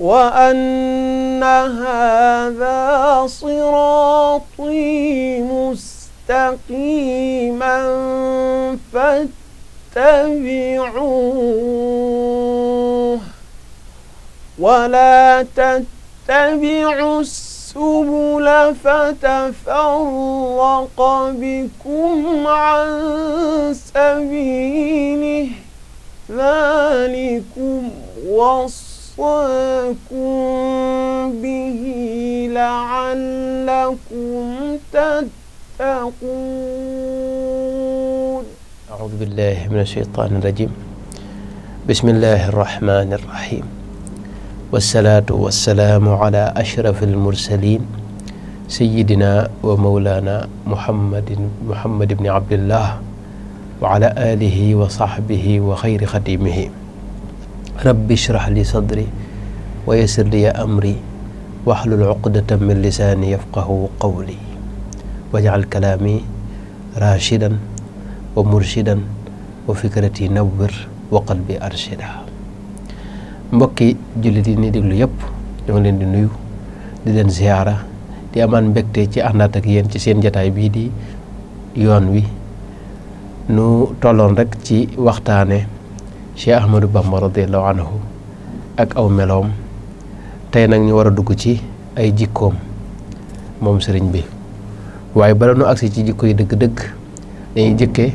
وأن هذا صراطي مستقيما فاتبعوه ولا تتبعوا السبل فتفرق بكم عن سبيله ذلكم وصف وصاكم به لعلكم تتقون أعوذ بالله من الشيطان الرجيم بسم الله الرحمن الرحيم والصلاة والسلام على أشرف المرسلين سيدنا ومولانا محمد محمد بن عبد الله وعلى آله وصحبه وخير خديمه rabbi shrah li sadri wa yassir li amri waxlul uqdatan min lisaani yafqahu qawli wajal kalaami raashidan wa murshidan wa fikrati nawwir wa qalbi arshida mbokki jullit yi ni déglu yëpp ñoo leen di nuyu di leen ziyaara di amaan mbégte ci àndaat ak yéen ci seen jataay bii di yoon wi nu tolloon rekk ci waxtaane Cheikh Ahmadou Bamba de anhu ak aw meloom tey nag ñu war a dugg ci ay jikkoom moom sëriñ bi waaye bala nu agsi ci jikko yi dëgg-dëgg dañuy jëkke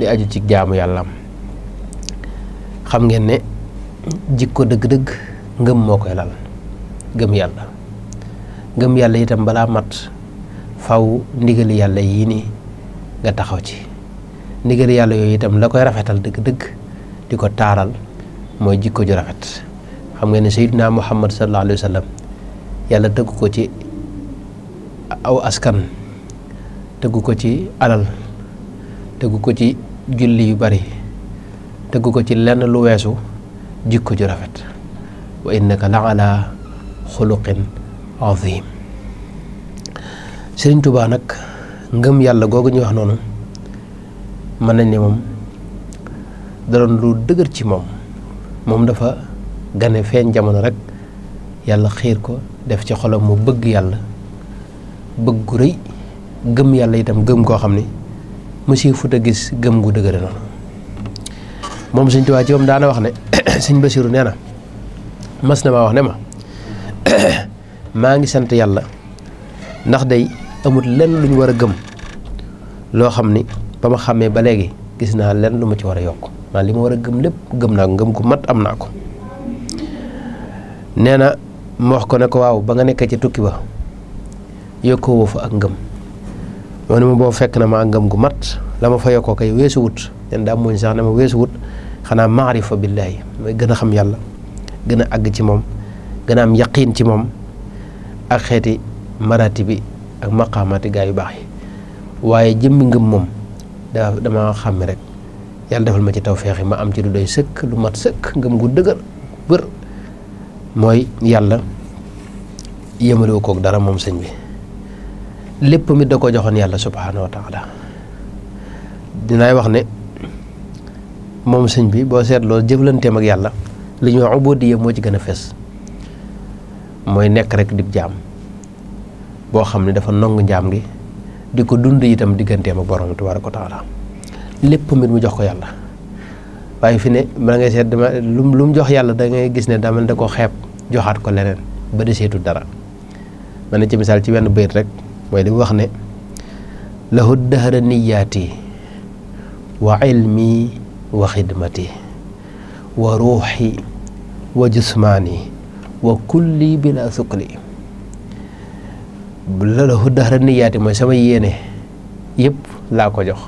li aju ci jaamu yàllam xam ngeen ne jikko dëgg-dëgg ngëm moo koy lal gëm yàlla gëm yàlla itam balaa mat faw ndigali yàlla yii nii nga taxaw ci ndigali yàlla yooyu itam la koy rafetal dëgg-dëgg di ko taaral mooy jikko ju rafet xam nga ne sayyidina muhammad sallallahu alayhi wa yàlla tëgg ko ci aw askan tëgg ko ci alal tëgg ko ci julli yu bari tëgg ko ci lenn lu weesu jikko ju rafet wa innaka la ala xuluqin azim sëriñ tubaa nag ngëm yàlla googu ñu wax noonu mën nañ ne moom da lu dëgër ci moom moom dafa gane feeñ jamono rek yàlla xiir ko def ci xolam mu bëgg yàlla bëgg gu rëy gëm yàlla itam gëm koo xam ni monsieur Fouta gis gëm gu dëgëre noonu moom Sëñ Tuubaa ci wax ne Sëñ Basiru nee na mas na maa wax ne ma maa ngi sant yàlla ndax day amut lenn lu ñu war a gëm loo xam ni ba ma xàmmee ba léegi gis naa lenn lu ma ci war a yokk waaw li ma war a gëm lépp gëm naa ko ngëm gu mat am naa ko nee na ma ko ne ko waaw ba nga nekk ci tukki ba yokkoo woo ak ngëm moo ne ma boo fekk na maa ngëm gu mat la ma fa yokkoo kay weesu wut nen daa muñ sax ne ma weesu wut xanaa maarifa billaahi mooy gën a xam yàlla gën a àgg ci moom gën a am yaqiin ci moom ak xeeti maraati bi ak maqaamaati gaa yu baax yi waaye jëmmi ngëm moom daa dama xàmmi rek yàlla defal ma ci tawféex yi ma am ci lu doy sëkk lu mat sëkk ngëm gu dëgër bër mooy yàlla yëmalewu koog dara moom sëñ bi lépp mi da ko joxoon yàlla subhaanahu wa taala dinaay wax ne moom sëñ bi boo seetloo jëflanteem ak yàlla li ñuy wax ubudiya moo ci gën a fees mooy nekk rek dib jaam boo xam ne dafa nongu njaam gi di ko dund itam digganteem ak borom tabaaraka wa taala lépp mbir mu jox ko yàlla waaye fi ne bala ngay seet dama lu lu mu jox yàlla da ngay gis ne damal da ko xeeb joxaat ko leneen ba deseetu dara man na ci misaal ci wenn bayit rek mooy li mu wax ne lahu dahra niyaati wa ilmi wa xidmati wa ruuxi wa jusmaani niyaati mooy sama yéene yépp laa ko jox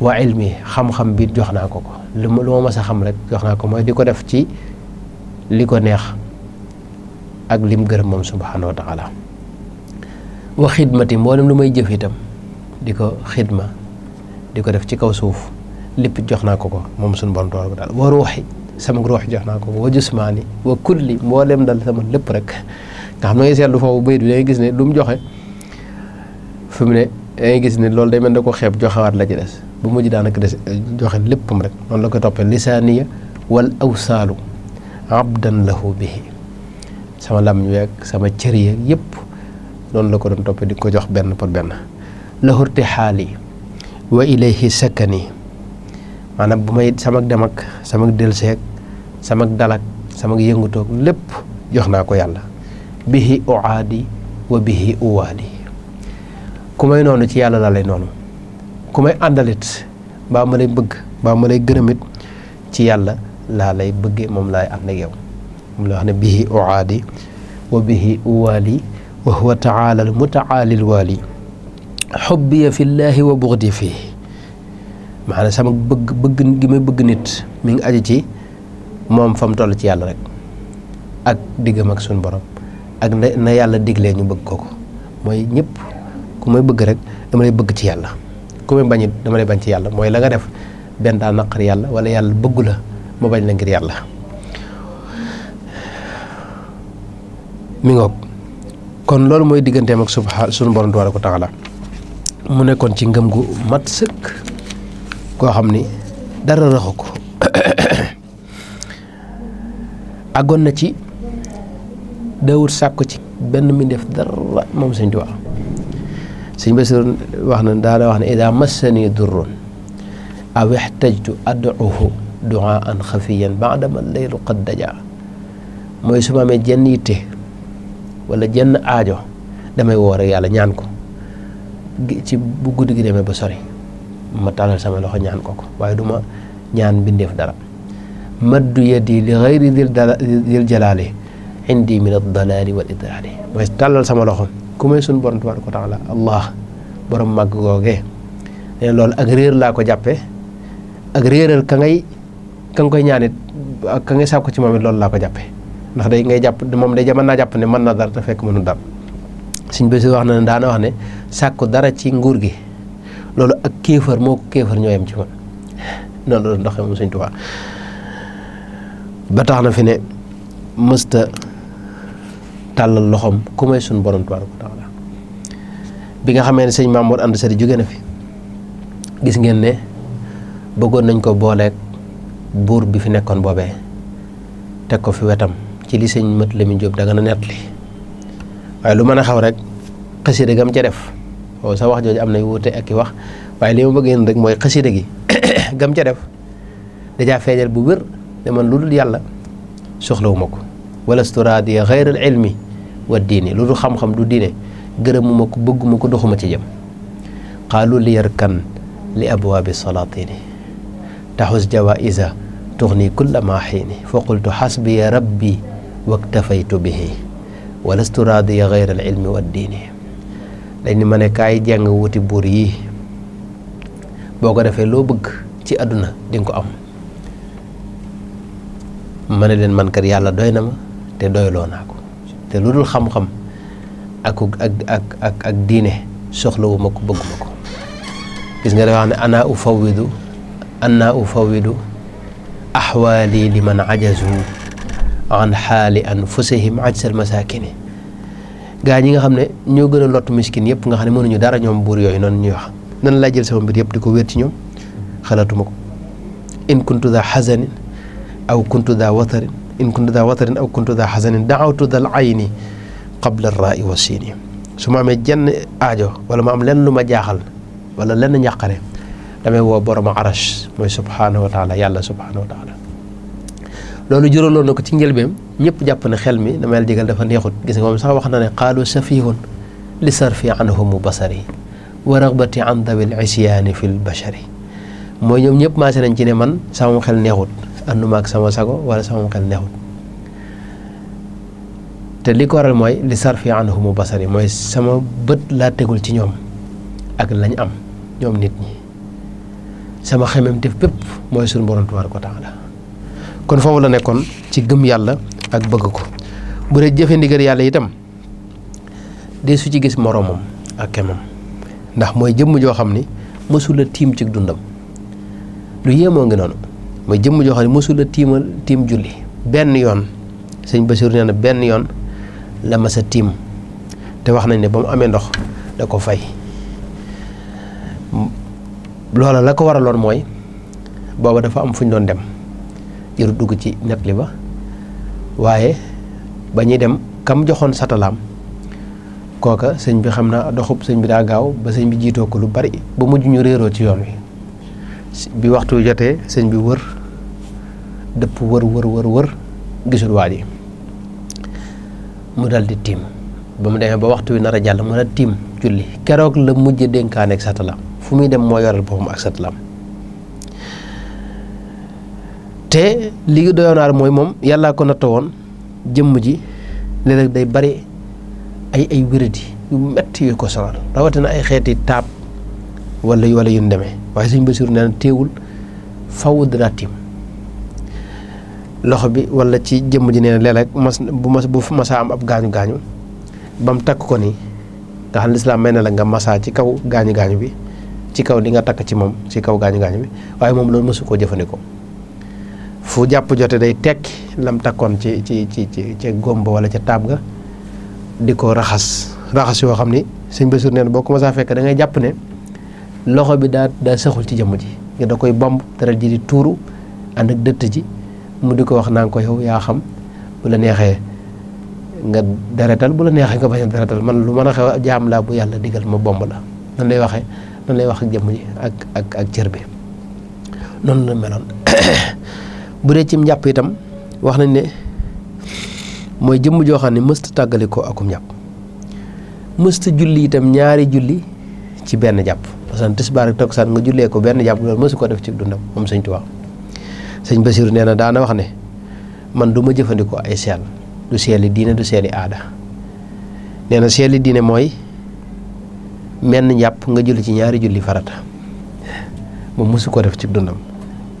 wa ilmi xam-xam bi jox naa ko ko lu ma lu ma a xam rek jox naa ko mooy di ko def ci li ko neex ak lim gërëm moom subhaanahu wa taala wa xidmati mboolem lu may jëf itam di ko xidma di ko def ci kaw suuf lépp jox naa ko ko moom suñu borom tool daal wa ruuxi sama ruux jox naa ko ko wa jusmaani wa kulli mboolem dal sama lépp rek nga xam na lu seetlu foofu bayit bi da gis ne lu mu joxe fi mu ne da gis ne loolu day mel ne ko xeeb joxewaat la ci des bu mujj daanaka des joxe léppam rek noonu la koy toppee lisaaniya wal awsaalu abdan lahu bihi sama lam weeg sama cër yeeg yëpp noonu la ko doon toppee di ko jox benn pour benn lahurti xaali wa ilayhi sakkani maanaam bu may sama dem ak samak delseeg sama dalak sama yëngutoog lépp jox naa ko yàlla bihi uaadi wa bihi uwaali ku may noonu ci yàlla laa lay noonu ku may àndalit mbaa ma lay bëgg mbaa ma lay gërëmit ci yàlla laa lay bëggee moom laay ànd ak yow moom la wax ne bihi uaadi wa bihi uwaali wa huwa mutaali waali xubbiya fi llaahi wa buxdi fii maanaam sama bëgg bëgg gi may bëgg nit mi ngi ci moom fa mu toll ci yàlla rek ak diggam ak suñu borom ak na na yàlla digle ñu bëgg kooku mooy ñëpp ku may bëgg rek dama lay bëgg ci yàlla ku may bañ dama lay bañ ci yàlla mooy la nga def benn daa naqar yàlla wala yàlla bëggu la mu bañ la ngir yàlla mi ngoog kon loolu mooy digganteem ak subha sunu borom tabaaraka wa taala mu nekkoon ci ngëm gu mat sëkk koo xam ni dara raxu ko àggoon na ci daawut sàkku ci benn mbindeef dara moom Sëñ Tuubaa si Basiru wax na daana wax ne ida massani durrun aw ixtajtu ad'uhu du'aan xafiyan ba'dama laylu qad daja mooy su ma amee jenn yitte wala jenn aajo damay woor ak yàlla ñaan ko ci bu guddi gi demee ba sori ma tàllal sama loxo ñaan ko ko waaye duma ñaan bindeef dara maddu yadi li xayri dil jalaali indi min ad tàllal sama loxo ku may sunu borom tabaaraka wa taala allah borom màgg googee nee loolu ak réer laa ko jàppe ak réeral ka ngay ka nga koy ñaanit ak ka ngay sàkku ci moom it loolu laa ko jàppee ndax day ngay jàpp moom day mën naa jàpp ne man na dara te fekk mënu dara suñ bési wax na ne daana wax ne sàkku dara ci nguur gi loolu ak kéefar moo ko kéefar ñoo yam ci man noonu la doon moom suñ Tuubaa ba tax na fi ne mësta tàllal loxoom ku may suñu borom tabaaraka bi nga xamee ne sëñ Mamour ànd sari jóge na fi gis ngeen ne bëggoon nañ ko booleek buur bi fi nekkoon boobee teg ko fi wetam ci li sëñ Mat Lamin Jóob da nga na li waaye lu mën a xaw rek xasida gam ca def oo sa wax jooju am nay wuute ak i wax waaye li ma bëgg yéen rek mooy xasida gi gam ca def dajaa feejal bu wér ne man lu dul yàlla soxlawuma ko walastu raadiya xayral ilmi wa diini lu du xam-xam du diine gërëmuma ko bëgguma ko doxuma ci jëm qaalu li yarkan li abwaabi salaatini taxus jawaisa tuxni kulla ma xiini fa qultu xasbiya rabbi waktafaytu bihi walastu raadiya xayral ilmi wa diini dañ ni ma ne kaay jàng wuti buur yi boo ko defee loo bëgg ci àdduna di ko am ma ne leen man kër yàlla doy na ma te doyloo naa ko te lu dul xam-xam ak ak ak diine soxlawu ma ko bëggu ko gis nga dafa wax ne ana u fawidu ana u fawidu axwaali liman ajazu an xaali anfusihim ajsal masaakini gaa ñi nga xam ne ñoo gën a lott miskin yëpp nga xam ne mënuñu dara ñoom buur yooyu noonu ñuy wax nan laa jël sama mbir yépp di ko wér ci ñoom xalaatuma ko in kuntu daa xasanin aw kuntu daa watarin in kuntu daa watarin aw kuntu daa xasanin daxawtu dal ayni qabla raa wa siini su ma amee jenn aajo wala ma am lenn lu ma jaaxal wala lenn ñàqare damay woo borom arash mooy subhaanahu wa taala yàlla subhaanahu wa taala loolu juróoloon na ko ci njëlbeem ñëpp jàpp ne xel mi damay la digal dafa neexut gis nga moom sax wax na ne qaalu safihun li sarfi anhumu basari wa ragbati an dawil isyaani fi l bashari mooy ñoom ñëpp maase nañ ci ne man sama xel neexut ànduma ak sama sago wala sama xel neexul te li ko waral mooy li sarfi anhumu basari mooy sama bët laa tegul ci ñoom ak lañ am ñoom nit ñi sama xememteef bépp mooy suñu borom tabaaraka wa taala kon foofu la nekkoon ci gëm yàlla ak bëgg ko bu dee jëfe ndigal yàlla itam de su ci gis moroomam ak kemam ndax mooy jëmm joo xam ni mësula tiim ci dundam lu yéemoo ngi noonu ma jëmm joo xam ne mosul a tiimal tiim julli benn yoon sëñ Basiru nee na benn yoon la masa tiim te wax nañ ne ba mu amee ndox da ko fay loola la ko waraloon mooy booba dafa am fu ñu doon dem jëru dugg ci net li ba waaye ba ñuy dem kam joxoon satalaam kooka sëñ bi xam naa doxub sëñ bi daa gaaw ba sëñ bi jiitoo ko lu bari ba mujj ñu réeroo ci yoon wi bi waxtu jotee sëñ bi wër dëpp wër wër wër gisul waa ji mu dal tiim ba mu demee ba waxtu wi nar a jàll mu dal tiim julli keroog la mujj dénkaane ak satala fu muy dem moo yoral boppam ak satalam te li doyoon mooy moom yàllaa ko natta woon jëmm ji léeg-léeg day bari ay ay wéradi yu metti yu ko sonal rawatina ay xeeti taab wala wala yu demee waaye suñ Basiru nee na teewul faw danaa tiim loxo bi wala ci jëmm ji nee na mas bu mas bu masaa am ab gaañu gaañu ba mu takk ko ni nga xam lislaam may na la nga masaa ci kaw gaañu gaañu bi ci kaw li nga takk ci moom ci kaw gaañu gaañu bi waaye moom loolu mësu koo jëfandikoo fu jàpp jote day tekki lam takkoon ci ci ci ci ca gomba wala ca taab ga di ko raxas raxas yoo xam ni suñ Basiru nee boo ko masaa fekk da jàpp ne. loxo bi daa daa ci jëmm ji nga da koy bomb deret ji di tuuru ànd ak dëtt ji mu di ko wax naa ko yow yaa xam bu la neexee nga deretal bu la neexee nga bañ a deretal man lu mën a xew jaam laa bu yàlla digal ma bomb la nan lay waxe nan lay wax ak jëmm ji ak ak ak cër bi noonu la meloon bu dee ci njàpp itam wax nañ ne mooy jëmm joo xam ne mësta tàggali ko akum njàpp mësta julli itam ñaari julli ci benn jàpp masan tisbaar ak takkusaan nga jullee ko benn jàpp loolu mësu ko def ci dundam moom sëñ Tuubaa sëñ Basiiru nee na daana wax ne man du ma jëfandikoo ay seel du seeli diine du seeli aada nee na seeli diine mooy menn njàpp nga julli ci ñaari julli farata moom mësu ko def ci dundam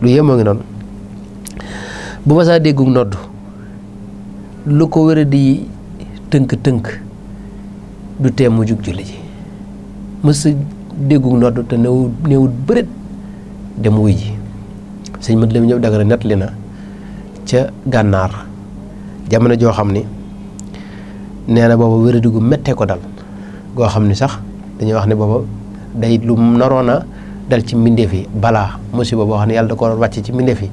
lu yéemoo ngi noonu bu ma saa déggug nodd lu ko wéra di tënk-tënk du tee mu jug julli ji mësu déggu nodd te néew néewut bërit dem wuy ji sëñ mat lam ñëw dagara nett li na ca gànnaar jamono joo xam ni nee na booba wéradi gu ko dal goo xam ni sax dañuy wax ne booba day lu naroon a dal ci mbindeef yi balaa musiba boo xam ne yàlla da ko wàcce ci mbindeef yi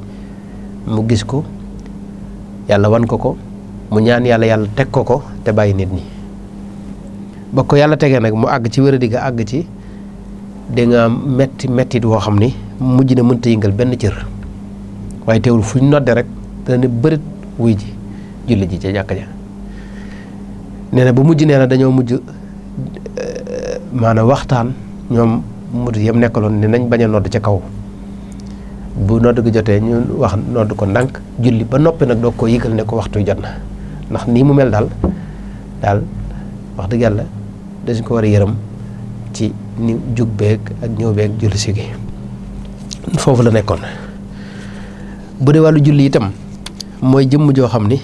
mu gis ko yàlla wan ko ko mu ñaan yàlla yàlla teg ko ko te bàyyi nit ñi bokk ko yàlla tege nag mu àgg ci wéradi ga àgg ci da nga am metti mettit woo xam ni mujj na mënta yëngal benn cër waaye teewul fu ñu nodde rek dana ne bërit wuy ji julli ji ca jàkka ja nee na bu mujj nee na dañoo mujj eh, maanaam waxtaan ñoom mutu yam nekkaloon ni nañ bañ a nodd ca kaw bu nodd gi jotee ñu wax nodd ko ndànk julli ba noppee nag doog ko yëgal ne ko waxtu jot na ndax nii mu mel daal daal wax dëgg yàlla dañ ko war a yërëm ci ni jug beeg ak ñëw beeg julli si gi foofu la nekkoon bu dee wàllu julli itam mooy jëmm joo xam ni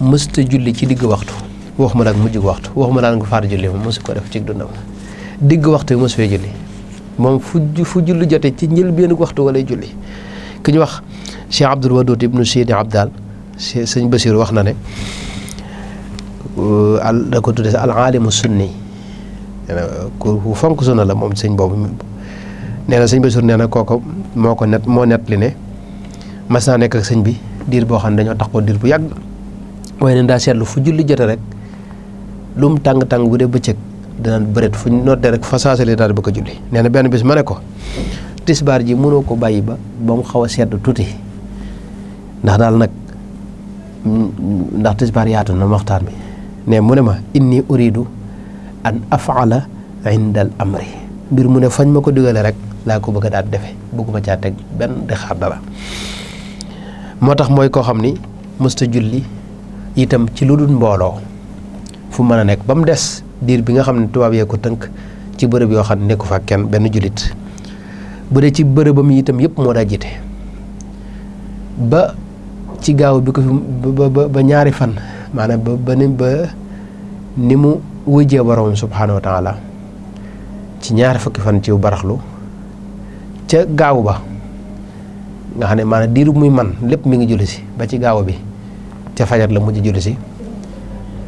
mësta julli ci digg waxtu waxuma la ak mujj waxtu waxuma la nga faar julli moom mësu ko def ci dundam digg waxtu bi mësu julli moom fu fu julli jote ci njëlbéenu waxtu walay julli ki ñu wax Cheikh Abdul Wadud ibnu Sidi Abdal sëñ Basiir wax na ne euh, al na ko tudde al aalimu sunni nee ku fonk sunna la moom sëñ boobu nee na sëñ Bassirou nee na kooku moo ko net moo net li ne mas nekk ak sëñ bi diir boo xam ne dañoo tax ko diir bu yàgg waaye neen daa seetlu fu julli jote rek lu mu tàng-tàng bu dee bëccëg danaan bëreet fu ñu noddee rek fa saasale daal bëgg a julli nee na benn bis ma ne ko tisbaar ji mënoo ko bàyyi ba ba mu xaw a sedd tuuti ndax daal nag ndax tisbaar yaatu na waxtaan bi ne mu ne ma inni uridu an afala inda amri mbir mu ne fañ ma ko digale rek laa ko bëgg a daal defe bëgguma caa teg benn di xaar moo tax mooy koo xam ni mësta julli itam ci lu dul mbooloo fu mën a nekk ba mu des diir bi nga xam ne tubaab yee ko tënk ci bërëb yoo xam ne nekku fa kenn benn jullit bu dee ci bërëbam yi itam yëpp moo daa jiite ba ci gaaw bi ko fi ba ba ñaari fan maanaam ba ba ni mu wujjee borom subhaanahu wa taala ci ñaari fukki fan ci baraxlu ca gaaw ba nga xam ne maanaam diiru muy man lépp mi ngi julli si ba ci gaaw bi ca fajar la mujj julli si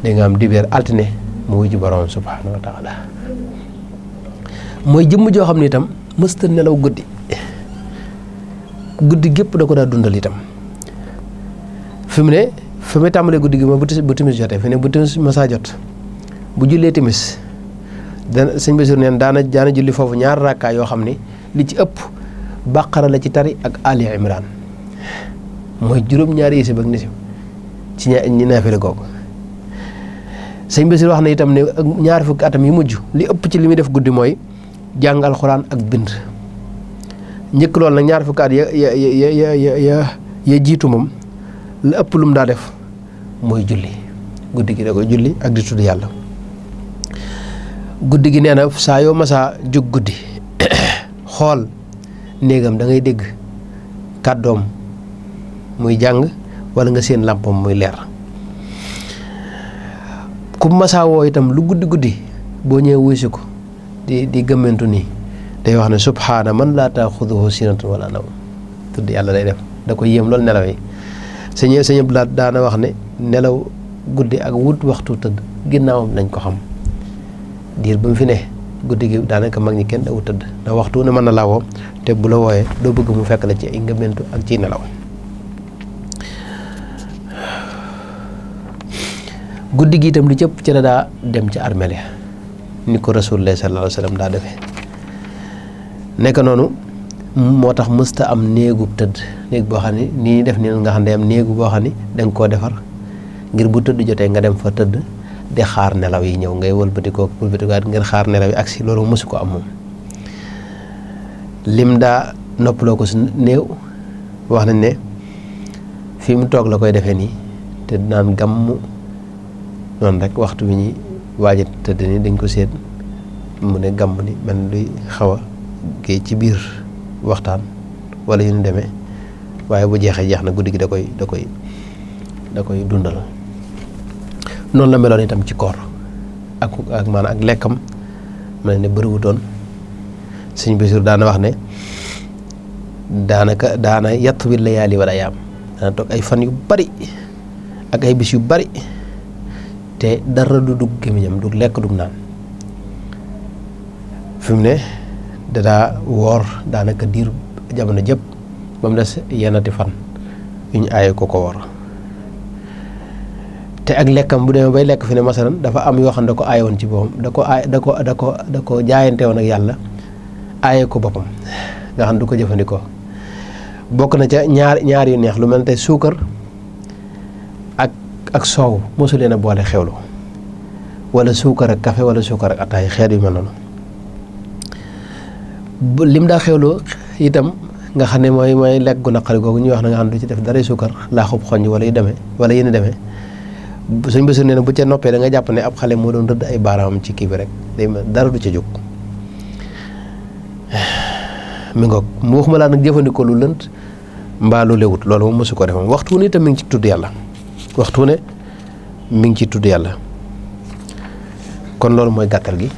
da nga am dibéer altine mu wujj borom subhaanahu wa taala mooy jëmm joo xam ne itam mësta nelaw guddi guddi gépp da ko daa dundal itam fi mu ne fi mu tàmbalee guddi gi ma bu timis jotee fi mu ne bu timis ma saa jot bu jullee timis dana sëñ Basiru neen daana daana julli foofu ñaar rakkaa yoo xam ne li ci ëpp bàqara la ci tari ak Ali Imran mooy juróom-ñaari isib ak nisib ci ñi naafila googu itam ne ak ñaar fukki atam yu mujj li ëpp ci li muy def guddi mooy jàng alxuraan ak bind njëkk loolu nag ñaar fukki at ya ya ya ya ya jiitu moom la ëpp lu mu daa def mooy julli guddi gi da koy julli ak di tudd yàlla guddi gi nee na saa yoo masaa jóg guddi xool néegam dangay dégg kàddoom muy jàng walla nga seen làmpam muy leer ku masaa woo itam lu guddi guddi boo ñëwee wuy ko di di gëmmentu nii day wax ne subhaana mën laa taaxuduhu sinatun wala nawm tudd yàlla day def da ko yéem loolu nelaw yi sëñ sëñ Abdou Lahad daana wax ne nelaw guddi ak wut waxtu tëdd ginnaawam lañ ko xam diir ba mu fi ne guddi gi daanaka mag ñi kenn dawu tëdd na waxtu ne mën na laa te bu la wooyee doo bëgg mu fekk la ci ay ngëmentu ak ciy nelaw guddi gi itam lu cëpp ci daa dem ci armeel ya ni ko rasulullah sallallahu alayhi wa daa defe nekk noonu moo tax mësta am néegu tëdd néeg boo xam ne nii def nii nga xam ne am néegu boo xam ne danga koo defar ngir bu tëdd jotee nga dem fa tëdd di xaar nelaw yi ñëw ngay wëlbatikoo wëlbatikuwaat ngeen xaar nelaw yi agsi loolu mosu ko am moom lim daa noppaloo ko su néew wax nañ ne fii mu toog la koy defee nii te naan gàmm noonu rek waxtu wi ñuy waaj tëdd ni dañ ko seet mu ne gàmm ni man luy xaw a géej ci biir waxtaan wala yu nu demee waaye bu jeexee jeex na guddi gi da koy da koy da koy dundal. noonu la meloon itam ci koor ak ak maanaam ak lekkam ma ne bëriwutoon suñu bisir daana wax ne daanaka daana yatt wi layaali wala yaam daana toog ay fan yu bari bari te dara du dugg du lekk dug naan ne dadaa woor daanaka diir jamono jëpp ba mu des yenati fan yu ñu aaye ko ko woor te ak lekkam bu demee bay lekk fi ne masalan dafa am yoo xam da ko aaye woon ci boppam da ko aay da ko da ko da ko jaayante woon ak yàlla aaye ko boppam nga xam du ko jëfandikoo bokk na ca ñaar ñaar neex lu mel ne suukar ak ak soow mosu leen a boole xewlu wala suukar ak café wala suukar ak ataay xeet yu mel noonu lim daa xewloo itam nga xam ne mooy mooy lekk gu naqari googu ñuy wax na nga xam du ci def daray suukar laa xub xoññ wala yu demee wala yéen demee suñ bësir nee na bu ca noppee da nga jàpp ne ab xale moo doon rëdd ay baaraamam ci kii bi rek day dara du ca jóg mi ngoog mu waxuma laa nag jëfandikoo lu lënt mbaa lu lewut loolu moom mosu ko defam waxtu ne itam mi ngi ci tudd yàlla waxtu ne mi ngi ci tudd kon loolu mooy gàttal gi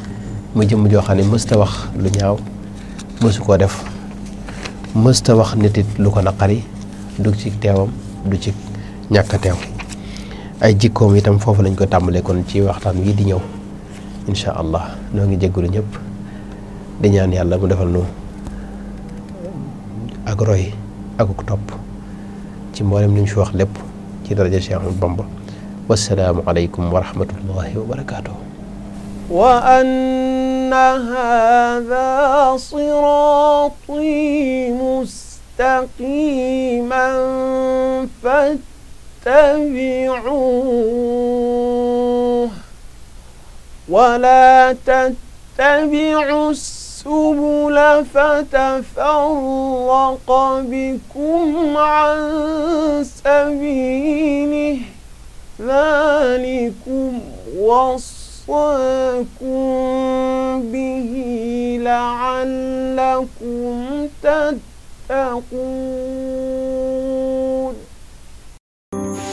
mu jëm joo xam ne mësta wax lu ñaaw mësu koo def mësta wax nit it lu ko naqari du ci teewam du ci ñàkk teew ay jikkoom itam foofu lañ ko tàmbalee kon ci waxtaan wii di ñëw incha allah noo ngi jégalu ñëpp di ñaan yàlla mu defal nu ak roy ak ku topp ci mboolem li ñu fi wax lépp ci daraja Cheikh Ahmadou Bamba aleykum wa rahmatullahi wa barakaatuh wa anna mustaqiman فاتبعوه ولا تتبعوا السبل فتفرق بكم عن سبيله ذلكم وصاكم به لعلكم تتقون thank you